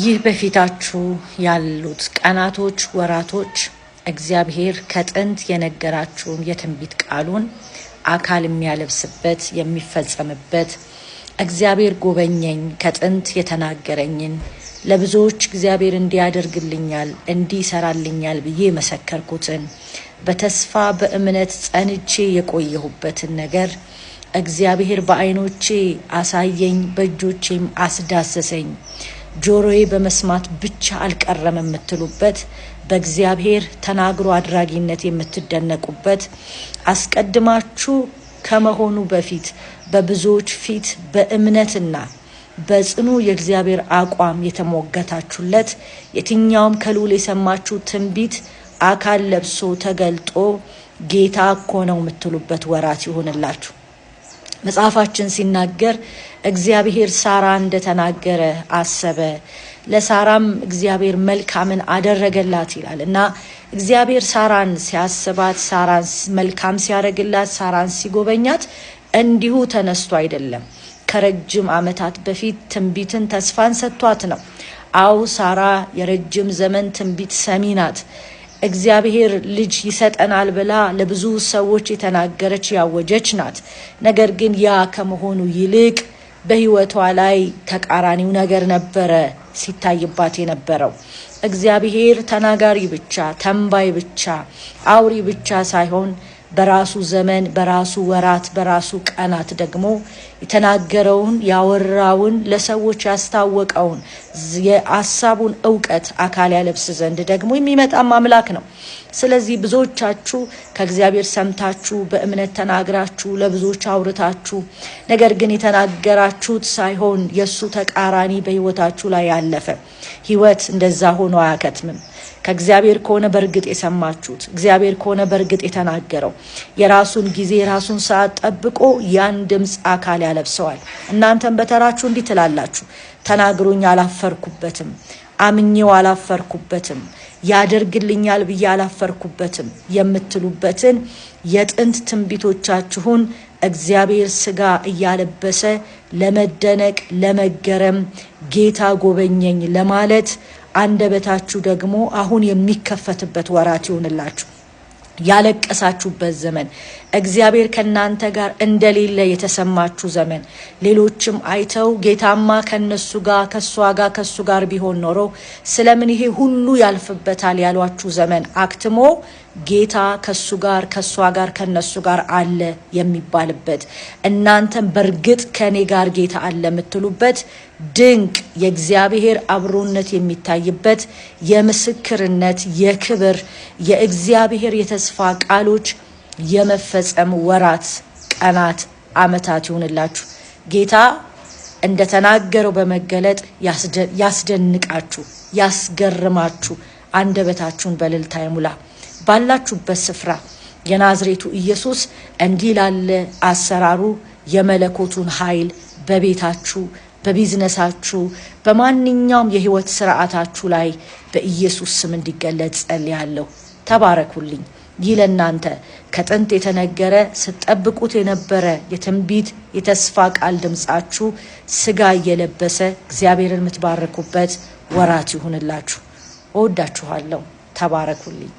ይህ በፊታችሁ ያሉት ቀናቶች፣ ወራቶች እግዚአብሔር ከጥንት የነገራችሁን የትንቢት ቃሉን አካል የሚያለብስበት የሚፈጸምበት እግዚአብሔር ጎበኘኝ፣ ከጥንት የተናገረኝን ለብዙዎች እግዚአብሔር እንዲያደርግልኛል እንዲሰራልኛል ብዬ የመሰከርኩትን በተስፋ በእምነት ጸንቼ የቆየሁበትን ነገር እግዚአብሔር በዓይኖቼ አሳየኝ፣ በእጆቼም አስዳሰሰኝ ጆሮዬ በመስማት ብቻ አልቀረም የምትሉበት በእግዚአብሔር ተናግሮ አድራጊነት የምትደነቁበት አስቀድማችሁ ከመሆኑ በፊት በብዙዎች ፊት በእምነትና በጽኑ የእግዚአብሔር አቋም የተሞገታችሁለት የትኛውም ከልዑል የሰማችሁ ትንቢት አካል ለብሶ ተገልጦ ጌታ እኮ ነው የምትሉበት ወራት ይሆንላችሁ። መጽሐፋችን ሲናገር እግዚአብሔር ሳራ እንደተናገረ አሰበ፣ ለሳራም እግዚአብሔር መልካምን አደረገላት ይላል እና እግዚአብሔር ሳራን ሲያስባት፣ ሳራን መልካም ሲያደርግላት፣ ሳራን ሲጎበኛት እንዲሁ ተነስቶ አይደለም። ከረጅም ዓመታት በፊት ትንቢትን ተስፋን ሰጥቷት ነው። አው ሳራ የረጅም ዘመን ትንቢት ሰሚ ናት። እግዚአብሔር ልጅ ይሰጠናል ብላ ለብዙ ሰዎች የተናገረች ያወጀች ናት። ነገር ግን ያ ከመሆኑ ይልቅ በሕይወቷ ላይ ተቃራኒው ነገር ነበረ ሲታይባት የነበረው። እግዚአብሔር ተናጋሪ ብቻ፣ ተንባይ ብቻ፣ አውሪ ብቻ ሳይሆን በራሱ ዘመን በራሱ ወራት በራሱ ቀናት ደግሞ የተናገረውን ያወራውን ለሰዎች ያስታወቀውን የአሳቡን እውቀት አካል ያለብስ ዘንድ ደግሞ የሚመጣም አምላክ ነው። ስለዚህ ብዙዎቻችሁ ከእግዚአብሔር ሰምታችሁ በእምነት ተናግራችሁ ለብዙዎች አውርታችሁ፣ ነገር ግን የተናገራችሁት ሳይሆን የእሱ ተቃራኒ በህይወታችሁ ላይ ያለፈ ህይወት እንደዛ ሆኖ አያከትምም። ከእግዚአብሔር ከሆነ በእርግጥ የሰማችሁት እግዚአብሔር ከሆነ በእርግጥ የተናገረው የራሱን ጊዜ የራሱን ሰዓት ጠብቆ ያን ድምፅ አካል ያለብሰዋል። እናንተም በተራችሁ እንዲህ ትላላችሁ፣ ተናግሮኝ አላፈርኩበትም፣ አምኜው አላፈርኩበትም፣ ያደርግልኛል ብዬ አላፈርኩበትም የምትሉበትን የጥንት ትንቢቶቻችሁን እግዚአብሔር ስጋ እያለበሰ ለመደነቅ ለመገረም ጌታ ጎበኘኝ ለማለት አንደበታችሁ ደግሞ አሁን የሚከፈትበት ወራት ይሆንላችሁ። ያለቀሳችሁበት ዘመን እግዚአብሔር ከእናንተ ጋር እንደሌለ የተሰማችሁ ዘመን ሌሎችም አይተው ጌታማ ከነሱ ጋር ከእሷ ጋር ከእሱ ጋር ቢሆን ኖሮ ስለምን ይሄ ሁሉ ያልፍበታል ያሏችሁ ዘመን አክትሞ ጌታ ከሱ ጋር ከእሷ ጋር ከነሱ ጋር አለ የሚባልበት እናንተም በእርግጥ ከእኔ ጋር ጌታ አለ የምትሉበት ድንቅ የእግዚአብሔር አብሮነት የሚታይበት የምስክርነት የክብር የእግዚአብሔር የተስፋ ቃሎች የመፈጸም ወራት፣ ቀናት፣ አመታት ይሆንላችሁ። ጌታ እንደተናገረው በመገለጥ ያስደንቃችሁ፣ ያስገርማችሁ። አንደበታችሁን በእልልታ ይሙላ። ባላችሁበት ስፍራ የናዝሬቱ ኢየሱስ እንዲህ ላለ አሰራሩ የመለኮቱን ኃይል በቤታችሁ፣ በቢዝነሳችሁ፣ በማንኛውም የህይወት ስርዓታችሁ ላይ በኢየሱስ ስም እንዲገለጽ ጸልያለሁ። ተባረኩልኝ። ይህ ለእናንተ ከጥንት የተነገረ ስትጠብቁት የነበረ የትንቢት የተስፋ ቃል ድምፃችሁ ስጋ እየለበሰ እግዚአብሔርን የምትባረኩበት ወራት ይሁንላችሁ። እወዳችኋለሁ። ተባረኩልኝ።